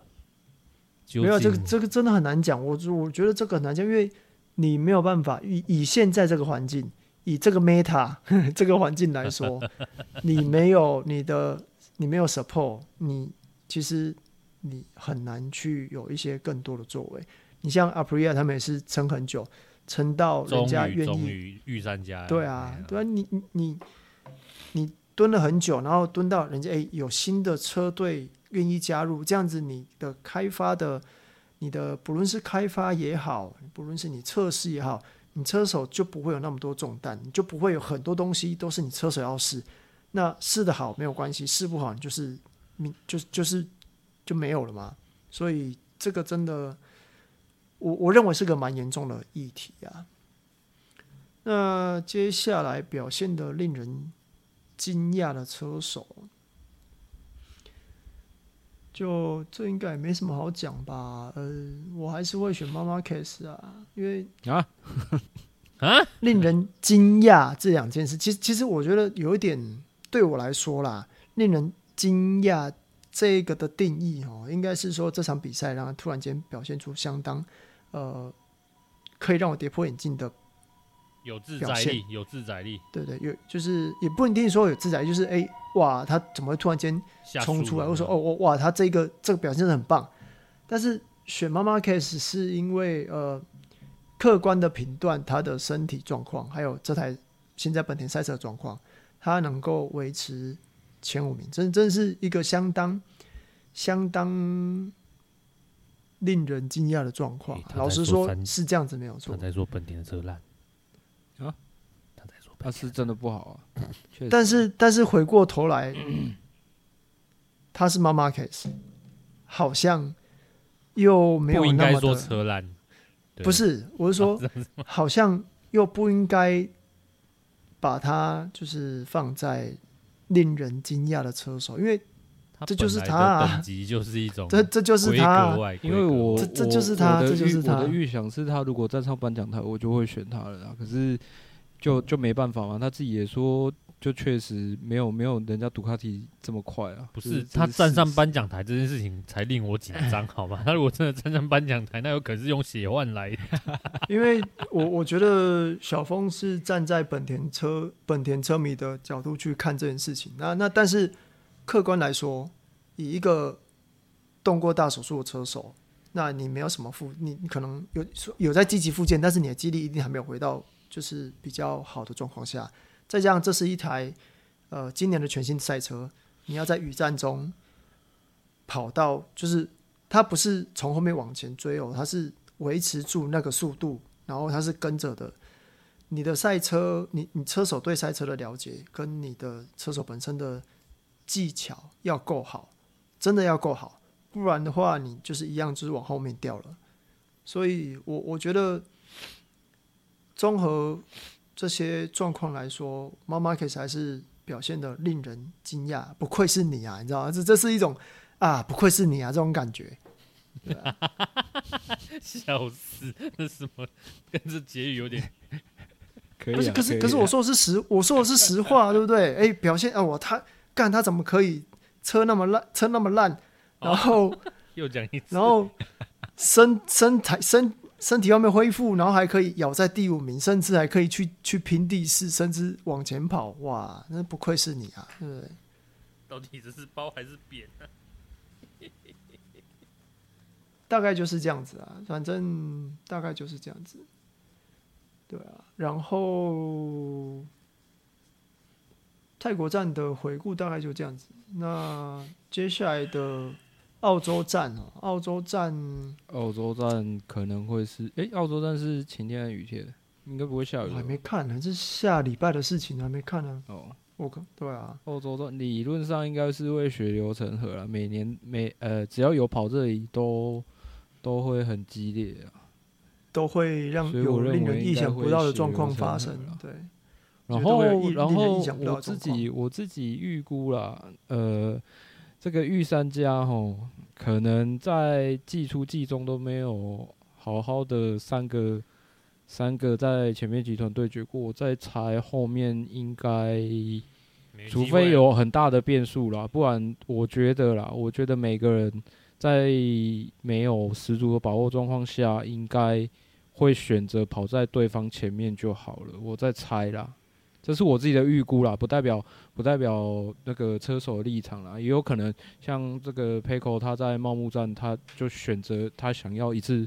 沒有這個，這個真的很難講。我我覺得這個很難講，因為你沒有辦法以以現在這個環境，以這個 Meta 這個環境來說， 你沒有你的，你沒有 support，你其實你很難去有一些更多的作為。你像 Aprilia 他們也是撐很久，撐到人家願意，御三家有有。對啊，對啊，你你。你蹲了很久，然後蹲到人家，誒，有新的車隊願意加入，這樣子你的開發的，你的不論是開發也好，不論是你測試也好，你車手就不會有那麼多重擔，你就不會有很多東西都是你車手要試。那試得好沒有關係，試不好就是你就，就是就是就沒有了嘛。所以這個真的，我我認為是個蠻嚴重的議題啊。那接下來表現得令人。驚訝的車手，就這應該也沒什麼好講吧。呃，我還是會選媽媽 case 啊，因為啊啊，令人驚訝這兩件事，其實其實我覺得有一點對我來說啦，令人驚訝這個的定義哦，應該是說這場比賽，讓他突然間表現出相當呃，可以讓我跌破眼鏡的。有自在力，對對有，就是、有自在力，對對，有就是也不一定說有自在就是哎，哇，他怎麼會突然間衝出來？我說哦，我、哦、哇，他這個這個表現的很棒。但是選媽媽 case 是因為呃，客觀的評斷他的身體狀況，還有這台現在本田賽車的狀況，他能夠維持前五名，真真是一個相當相當令人驚訝的狀況。欸、老實說，是這樣子沒有錯。他在說本田的車爛。他是真的不好啊，確實。但是但是回過頭來，他是媽媽 Case，好像又沒有不應該說車爛，不是，我是說好像又不應該把他就是放在令人驚訝的車手，因為這就是他的這這就是他，因為我這這就是他，這就是他，我的預想是他如果站上頒獎台，我就會選他了可是。就就沒辦法嘛，他自己也說，就確實沒有沒有人家杜卡迪這麼快啊。不是、就是、是他站上頒獎台這件事情才令我緊張，好嗎？ 他如果真的站上頒獎台，那有可能是用血換來。因為我我覺得小峰是站在本田車本田車迷的角度去看這件事情。那那但是客觀來說，以一個動過大手術的車手，那你沒有什麼復，你你可能有有在積極復健，但是你的肌力一定還沒有回到。就是比較好的狀況下，再加上這是一台，呃，今年的全新賽車，你要在雨戰中跑到，就是它不是從後面往前追哦，它是維持住那個速度，然後它是跟着的。你的賽車，你你車手對賽車的了解跟你的車手本身的技巧要夠好，真的要夠好，不然的話，你就是一樣，就是往後面掉了。所以我我覺得。綜合這些狀況來說媽媽 a r 還是表現的令人驚訝，不愧是你啊！你知道，這這是一種啊，不愧是你啊，這種感覺。啊，、 笑死！那什麼，跟這結語有點 可、啊、是，可是可、啊、可是我說的是實，我說的是實話， 對不對？哎、欸，表現啊，我他幹他怎麼可以車那麼爛，車那麼爛，然後、哦、又講一次，然後身身材身。身體慢慢恢復，然後還可以咬在第五名，甚至還可以去去拼第四，甚至往前跑，哇！那不愧是你啊。對，對，到底這是褒還是貶啊？大概就是這樣子啊，反正大概就是這樣子。對啊，然後泰國站的回顧大概就這樣子。那接下來的。 澳洲站哦，澳洲站，澳洲站可能會是，哎、欸，澳洲站是晴天還是雨天？應該不會下雨吧。還沒看呢、啊，這下禮拜的事情，還沒看呢、啊。哦，我靠，對啊，澳洲站理論上應該是會血流成河了。每年每呃，只要有跑這裡都，都都會很激烈啊，都會讓有令人意想不到的狀況發生。對，然後然後我自己我自己預估了，呃。這個御三家吼，可能在季初季中都沒有好好的三個三個在前面集團對決過，我在猜後面應該，啊、除非有很大的變數啦，不然我覺得啦，我覺得每個人在沒有十足的把握狀況下，應該會選擇跑在對方前面就好了，我在猜啦。這是我自己的預估啦，不代表不代表那個車手的立場啦，也有可能像這個 c o 他在茂木站，他就選擇他想要一次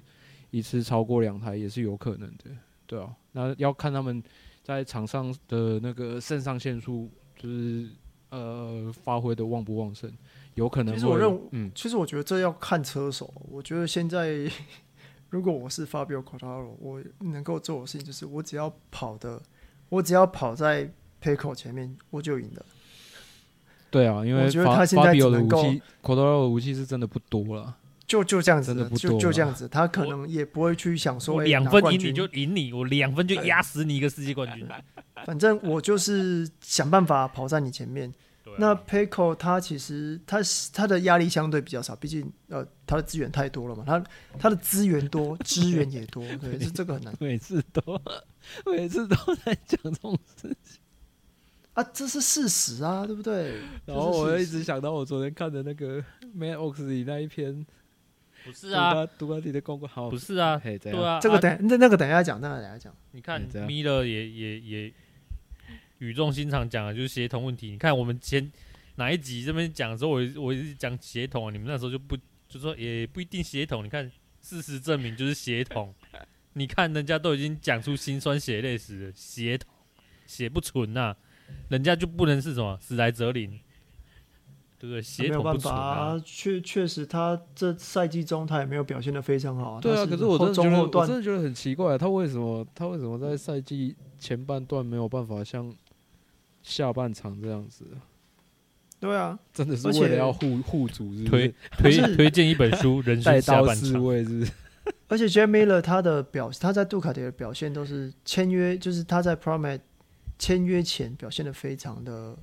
一次超過兩台也是有可能的，對啊，那要看他們在場上的那個腎上腺素就是呃發揮的旺不旺盛，有可能。其實我認為，嗯，其實我覺得這要看車手。我覺得現在如果我是 Fabio q u a t a r o l o 我能夠做的事情就是我只要跑的。我只要跑在 Pecco 前面，我就贏了。對啊，因為法法比的武器，口頭上的武器是真的不多了。就就這樣子，的就就這樣子，他可能也不會去想說我兩分贏你就贏你，我兩分就壓死你一個世界冠軍。哎、 反正我就是想辦法跑在你前面。那 Payco 它其實它它的壓力相對比較少，畢竟呃它的資源太多了嘛，它它的資源多，資源也多，每對，每是這個很難，每次都每次都在講這種事情啊，這是事實啊，對不對？然後我又一直想到我昨天看的那個 Mat Oxley 那一篇，不是啊 Dudley 的公關好，不是啊，對啊，這個等、啊、那那個等下講，那個等一下講，那個、一下你看 Miller 也也也。欸這語重心長講的就是血統問題。你看我們前哪一集這邊講的時候，我一我一直講血統啊，你們那時候就不就說也不一定血統。你看事實證明就是血統。 你看人家都已經講出心酸血淚史，血統血不純吶、啊，人家就不能是什麼史萊哲林，對、就是、不對、啊？血統。不確確實他這賽季中他也沒有表現得非常好。對啊，是後後可是我的中後段真的覺得很奇怪、啊，他為什麼他為什麼在賽季前半段沒有辦法像。下半場這樣子，對啊，真的是為了要護護主，推是推推薦一本書，人生下半場。 是是 而且 Jack Miller 他的表現，他在杜卡迪的表現都是簽約，就是他在 Pramac 簽約前表現的非常的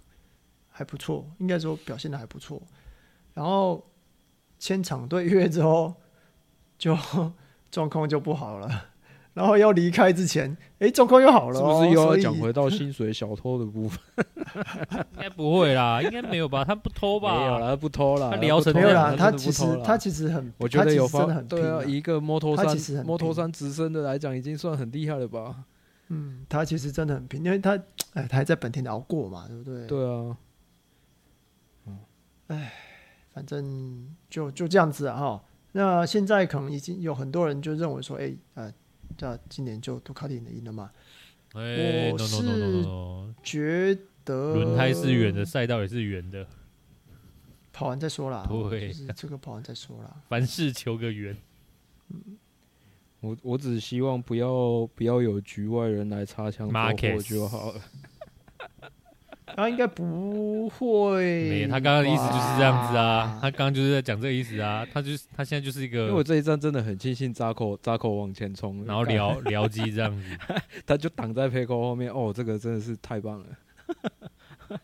還不錯，應該說表現的還不錯。然後簽廠隊約之後就，就狀況就不好了。然後要離開之前，哎，狀況又好了。哦，是不是又要講回到薪水小偷的部分？以 應該不會啦，應該沒有吧？他不偷吧？ 沒有啦，他不偷啦。他聊成沒有啦？他其實他其實很，我覺得有方很對啊。一個 Moto3 Moto3 直升的來講，已經算很厲害了吧？嗯，他其實真的很拼。嗯，因為他哎，他還在本田熬過嘛，對不對？對啊。嗯，哎，反正就就這樣子啊哈。那現在可能已經有很多人就認為說，哎叫今年就杜卡迪贏了嘛？哎，我是覺得輪胎是圓的，賽道也是圓的，跑完再說啦。對，這個跑完再說啦。凡事求個圓。我我只希望不要不要有局外人來插槍爆破就好了克、嗯。嗯 他、啊、應該不會。沒，他剛剛的意思就是這樣子啊，哇他剛剛就是在講這個意思啊，他就他現在就是一個。因為我這一站真的很慶幸扎口扎口往前衝，然後僚僚機這樣子， 他就擋在 Peco 後面。哦，這個真的是太棒了。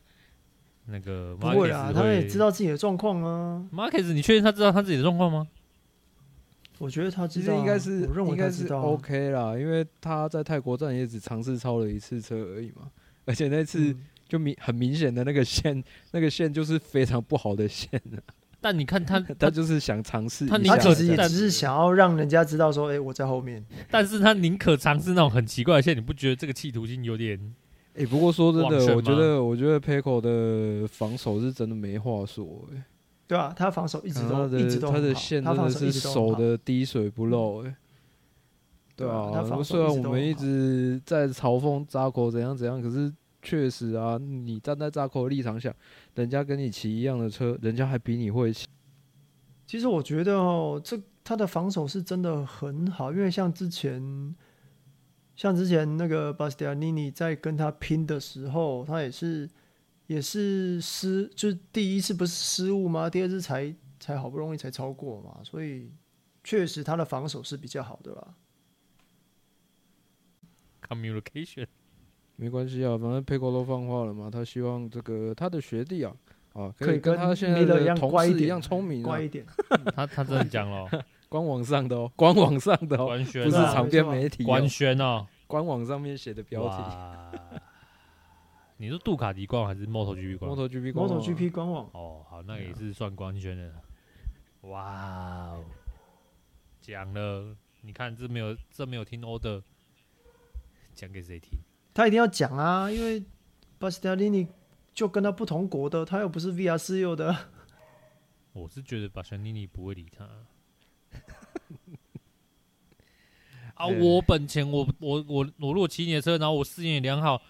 那個 Marquez 不會啊，會他也知道自己的狀況啊。Marquez 你確定他知道他自己的狀況嗎？我覺得他知道，應該是我認為他應該是 OK 啦，因為他在泰國站也只嘗試超了一次車而已嘛，而且那次。嗯就明很明顯的那個線，那個線就是非常不好的線、啊。但你看他，他，他就是想嘗試。他其實也只是想要讓人家知道說，哎、欸，我在後面。但，但是他寧可嘗試那種很奇怪的線，你不覺得這個企圖心有點？哎、欸，不過說真的，我覺得我覺得 Pecco 的防守是真的沒話說哎、欸啊欸。對啊，他防守一直都一直都。他的線真的是守的滴水不漏哎。對啊，雖然我們一直在嘲諷扎口怎樣怎樣，可是。確實啊，你站在扎克的立場想，人家跟你騎一樣的車，人家還比你會騎。其實我覺得哦，這他的防守是真的很好，因為像之前，像之前那個巴斯蒂安尼尼在跟他拼的時候，他也是也是失，就是第一次不是失誤嗎？第二次才才好不容易才超過嘛，所以確實他的防守是比較好的啦。Communication。沒關係啊，反正佩哥都放話了嘛，他希望這個他的學弟啊，啊，可以跟他現在的同事一樣聰明，一乖一點。一樣他他真的講了、喔 官網上的喔，官網上的、喔，官網上的，不是長篇媒,媒體、喔，啊、官宣哦、喔，官網上面寫的標題哇。 你是杜卡迪官網還是 MotoGP 官網？MotoGP 官網。哦，好，那也是算官宣的。嗯、哇哦，講了，你看這沒有這沒有聽 order，講給誰聽？他一定要講啊，因為巴斯特利尼就跟他不同國的，他又不是 VR 私有的。我是覺得巴斯特利尼不會理他。 啊，欸、我本錢，我我我我如果騎你的車，然後我視野也良好，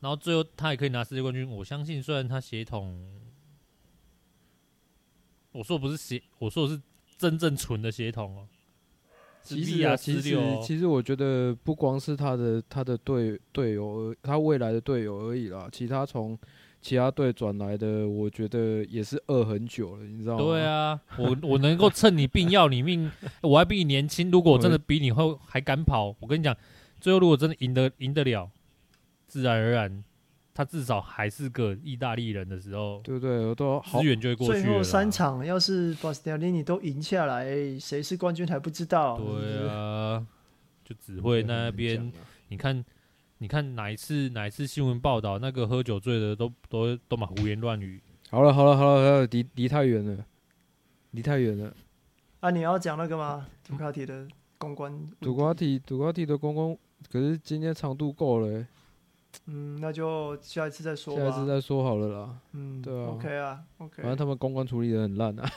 然後最後他也可以拿世界冠軍。我相信，雖然他協同，我說不是協，我說的是真正純的協同哦。其實啊，其實，其實，我覺得不光是他的他的隊隊友，他未來的隊友而已啦。其他從其他隊轉來的，我覺得也是餓很久了，你知道嗎？對啊，我我能夠趁你病要 你命，我還比你年輕。如果我真的比你後還敢跑，我跟你講，最後如果真的贏得贏得了，自然而然，他至少還是個意大利人的時候，對對，我都好就會過去、哦、最後三場，要是巴斯特利尼都贏下來，誰是冠軍還不知道。對啊，是是就只會那邊。嗯、你看，你看哪一次哪一次新聞報道，那個喝酒醉的都都都嘛胡言亂語。好了好了好了離離太遠了，離太遠了。啊，你要講那個嗎？杜卡提的公關題。杜卡提，杜卡提的公關。可是今天長度夠了、欸。嗯，那就下一次再說。下一次再說好了啦。嗯，對啊。OK 啊，OK。反正他們公關處理得很爛啊。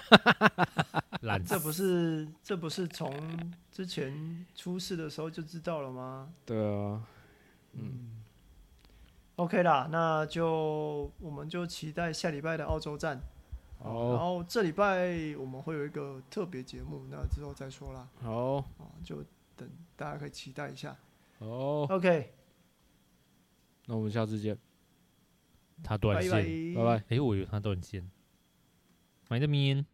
這不是這不是從之前出事的時候就知道了嗎？對啊。嗯。OK 啦，那就我們就期待下禮拜的澳洲站好。然後這禮拜我們會有一個特別節目，那之後再說啦。好。哦，就等大家可以期待一下。哦好。OK。那我們下次見。他斷線，拜拜。誒，我以為他斷線，買的麵。